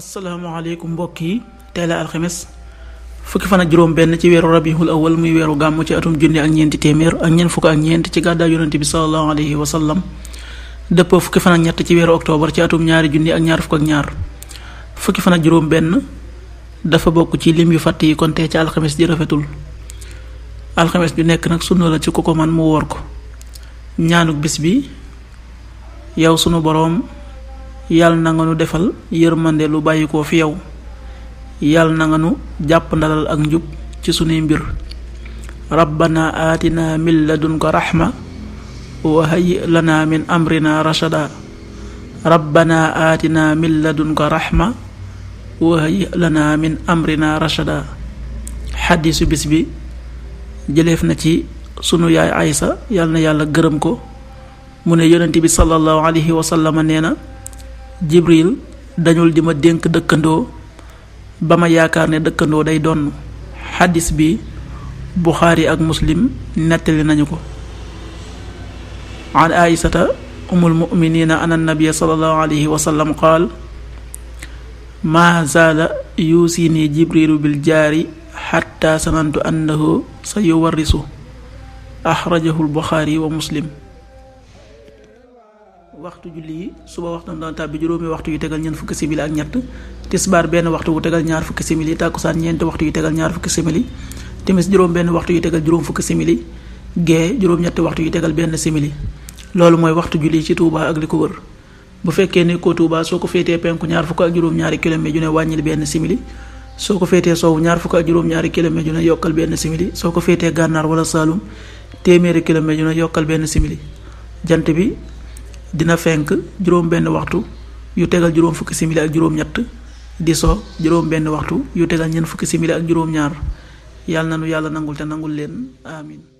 asalaamaaleykum mbokk yi tey la alxemes fukki fana ak juróom benn ci weeru rabiul awal muy weeru gàmm ci atum junne ak ñeenti téeméer ak ñeent fukk ak ñeent ci gàddaay yonente bi salallahu alayhi wa sallam dëppoo fukki fan ñett ci weeru octobre ci atum ñaari junne ak ñaar fukk ak ñaar fukki fan ak juróom benn dafa bokk ci lim yu fàtt yi kon tey ci alxemes ji rafetul alxemes ju nekk nag sunna la ci ku ko man mu woor ko ñaanuk bis bi yow sunu boroom yàlla na nga nu defal yërmande lu bàyyi ko fi yow yàlla na nga nu jàpp ndalal ak njub ci sunuy mbir rabbana aatina min ladunka raxma wa hayyi lana min amrina rashada rabbana aatina bi jëleef na ci sunu yaay aysa yàlla na yàlla gërëm ko mu ne yonent bi sallallahu alayhi wa sallam na jibril dañul di ma dénk dëkkandoo ba ma yaakaar ne dëkkandoo day donn xadis bi buxaari ak muslim nettali nañu ko an aïsata umul muminina an annabia salallahu alayhi qaal maa zaala yuusini jibrilu bil jaari xatta sanantu annahu sa yuwarrisu axrajahu al buxaari wa muslim waxtu julli yi suba waxtu daan tàbbi juróomi waxtu yu tegal ñeent fukki simili ak ñett tisbaar benn waxtu wu tegal ñaar fukki simili tàkkusaan ñeenti waxtu yu tegal ñaar fukki simili timis juróom benn waxtu yu tegal juróom fukki simili gee juróom-ñetti waxtu yu tegal benn simili loolu mooy waxtu julli ci Touba ak li ko wër bu fekkee ne ko Touba soo ko féetee penku ñaar fukk ak juróom-ñaari kilomètre ju ne wàññil benn simili soo ko féetee soowu ñaar fukk ak juróom-ñaari kilomètre ju ne yokkal benn simili soo ko féetee gànnaar wala Saalum téeméeri kilomètre ju ne yokkal benn simili jant bi dina fenk juróom benn waxtu yu tegal juróom fukki simili ak juróom ñett di so juróom benn waxtu yu tegal ñeent fukki simili ak juróom ñaar yàlla na nu yàlla nangul te nangul leen amin